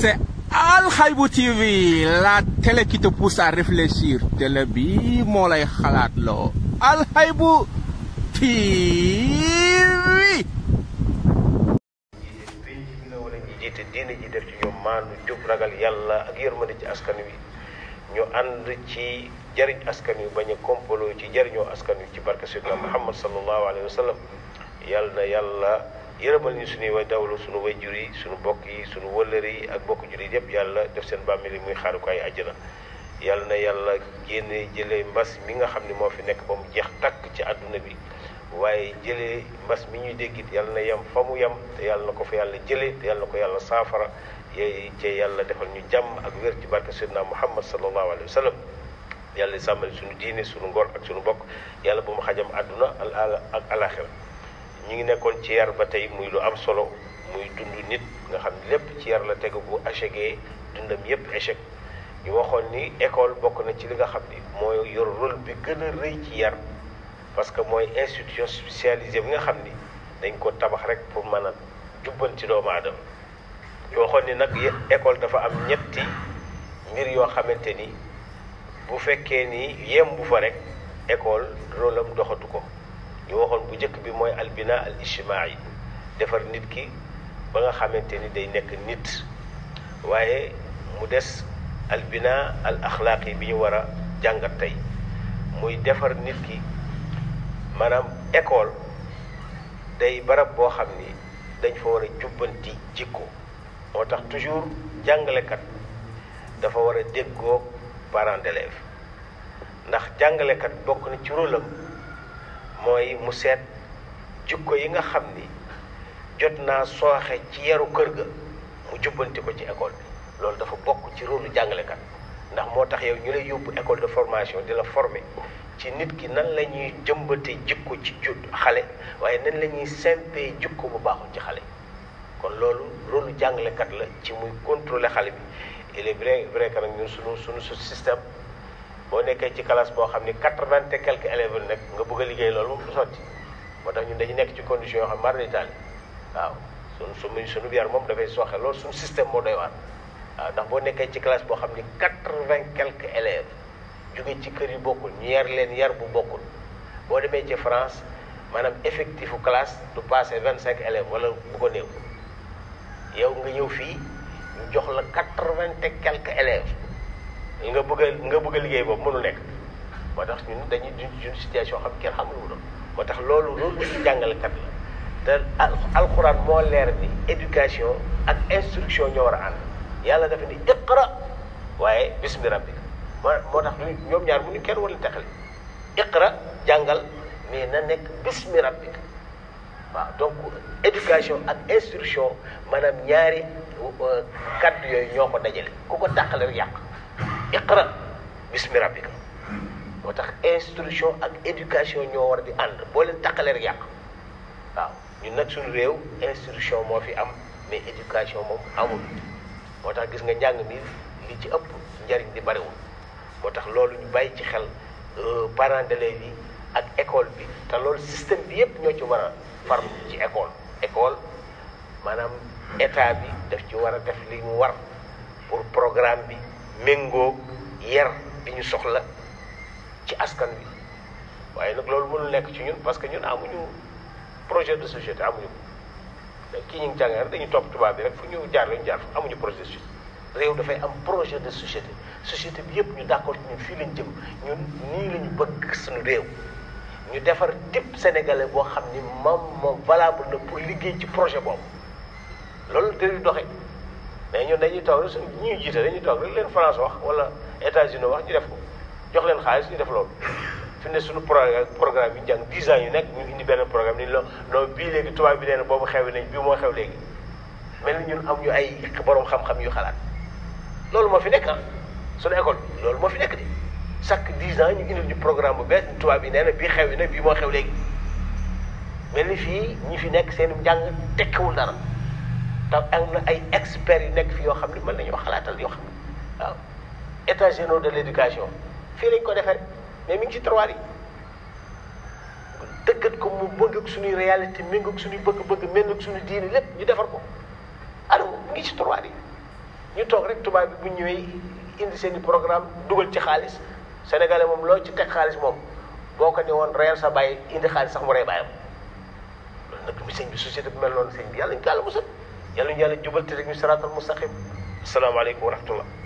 c'est Al Haïbou TV la télé qui te pousse télé bi moo lay xalaat loo Al Haïbou TV. jiite diine ji def ci ñoom maanu jub ragal yàlla ak yërmande ci askan wi ñu ànd ci jariñ askan wi bañ a kompaloo ci jariñoo askan wi ci barke Seydina Muhammad sallallahu alayhi wa sallam yërëmal ñu suñuy way dawlu suñu way jur yi suñu bokk yi suñu wëllëri yi ak bokk jur yi yëpp yàlla def seen bàmmeel yi muy xaarukaay àjjana yàlla na yàlla génne jëlee mbas mi nga xam ne moo fi nekk ba mu jeex takk ci àdduna bi waaye jëlee mbas mi ñuy déggit yàlla na yem fa mu yem te yàlla na ko fa yàlla jële te yàlla na ko yàlla saafara yooyu ci yàlla defal ñu jàmm ak wér ci barke seydina muhammad sallallahu alayhi wa sallam yàlla sàmmali suñu diine sunu ngor ak suñu bokk yàlla bu mu xajam àdduna ak alaxira ñi ngi nekkoon ci yar ba tey muy lu am solo muy dund nit nga xam lépp ci yar la tegu bu échecgee dundam yépp échec ñu waxoon ni école bokk na ci li nga xam ni mooy yor rôle bi gën a rëy ci yar parce que mooy institution spécialisée bi nga xam ni dañ ko tabax rek pour mën a jubbanti doomu aadama ñu waxoon ni nag école dafa am ñetti mbir yoo xamante ni bu fekkee ni yem bu fa rek école rôle doxatu ko ñu waxoon bu njëkk bi mooy albina al yi defar nit ki ba nga xamante ni day nekk nit waaye mu des albina al axlaaqi bi ñu war a jàngat tey muy defar nit ki maanaam école day barab boo xam ni dañ fa war a jubbanti jikko moo tax toujours jàngalekat dafa war a déggoo parents d'élèves ndax jàngalekat bokk na ci rôle mooy mu seet jikko yi nga xam ni jot naa sooxe ci yaru kër ga mu jubbanti ko ci école bi loolu dafa bokk ci rôle jàngalekat ndax moo tax yow ñu lay yóbbu école de formation di la former ci nit ki nan la ñuy jëmbate jikko ci ju xale waaye nan la ñuy sempee jikko bu baaxul ci xale kon loolu rôle jàngalekat la ci muy contrôler xale bi il est vrai vrai que nag système boo nekkee ci classe boo xam ni quatre-vingt et quelques élèves la nekk nga bëgg a liggéey loolu moom du sotti moo tax ñu dañu nekk ci condition yoo xam mar d'Italie waaw su suñu suñu yar moom dafay sooxe loolu suñu système moo doy waar waaw ndax boo nekkee ci classe boo xam ni quatre-vingt quelques élèves jóge ci kër yu bokkul ñu yar leen yar bu bokkul boo demee ci France maanaam effectifu classe du passé vingt-cinq élève wala bu ko néew yow nga ñëw fii ñu jox la quatre-vingt et quelques élèves nga bëgg a nga bëgg liggéey boobu mënul nekk moo tax ñun dañuy duñ situation xam kenn xamul wu doon moo tax loolu loolu ci jàngalekat la te alxuraan moo ni éducation ak instruction ñoo war yàlla dafa ni iqra waaye bismi rabbik moo tax ñoom ñaar bu ñu kenn war a taxale iqra jàngal mais na nekk bismi rabbik waaw donc éducation ak instruction maanaam ñaari euh, kàddu yooyu ñoo ko dajale ku ko taxale yàq iqra bismi rabbika moo tax instruction ak éducation ñoo war di ànd boo leen taqalee rek yàq waaw ñun nag suñu réew instruction moo fi am mais éducation moom amul moo tax gis nga njàng mi li ci ëpp njariñ li bariwul moo tax loolu ñu bàyyi ci xel euh, parents d'élèves yi ak école bi te loolu système bi yépp ñoo ci war a farlu ci école école maanaam état bi def ci war a def li mu war pour programme bi méngoo yar bi ñu soxla ci askan wi waaye nag loolu mënul nekk ci ñun parce que ñun amuñu projet de société amuñu ko kii ñu ngi jàngee rek dañuy topp tubaab bi rek fu ñu jaar lañu jaar fa amuñu projet de société réew dafay am projet de société société bi yëpp ñu d'accord ñun fii lañ jëm ñu nii lañu bëgg suñu réew ñu defar type sénégalais boo xam ni moom moom valable na pour liggéey ci projet boobu loolu dañuy doxee mais ñun dañuy toog rek ñuy jiite dañuy toog rek leen France wax wala États-Unis wax ñu def ko jox leen xaalis ñu def loolu fi ne suñu programme programme yi jàng 10 ans yu nekk ñu indi benn programme ni lo non bii léegi bi nee na boobu xew nañ bii moo xew léegi mel ni ñun am ñu ay borom xam yu xalaat loolu moo fi nekk ah suñu bi loolu moo fi nekk de chaque 10 ans ñu indil ñu programme bu bees tubaab yi nee na bii xew na bii moo xew léegi mel ni fii ñi fi nekk seen njàng tekkiwul dara te am na ay experts yu nekk fi yoo xam ne mën nañoo xalaatal yoo xam ne waaw états généraux de l' éducation fii lañ ko defee mais mi ngi ci tiroir yi dëggat ko mu bëgg suñuy réalité méngoo ak suñuy bëgg-bëgg méngoo suñu suñuy diini lépp ñu defar ko alors mi ngi ci tiroir yi ñu toog rek tubaab bi bu ñëwee indi seen i programme dugal ci xaalis sénégalais moom loo ci teg xaalis moom boo ko ne woon reyal sa bàyyi indi xaalis sax mu rey bàyyam loolu nag mi sëñ bi société bu mel noonu sëñ yàlla ñu ko yàlla musal yàlla ñu yàlla jubal te rek ñu siraatal mustaqim asalaamaaleykum wa rahmatullah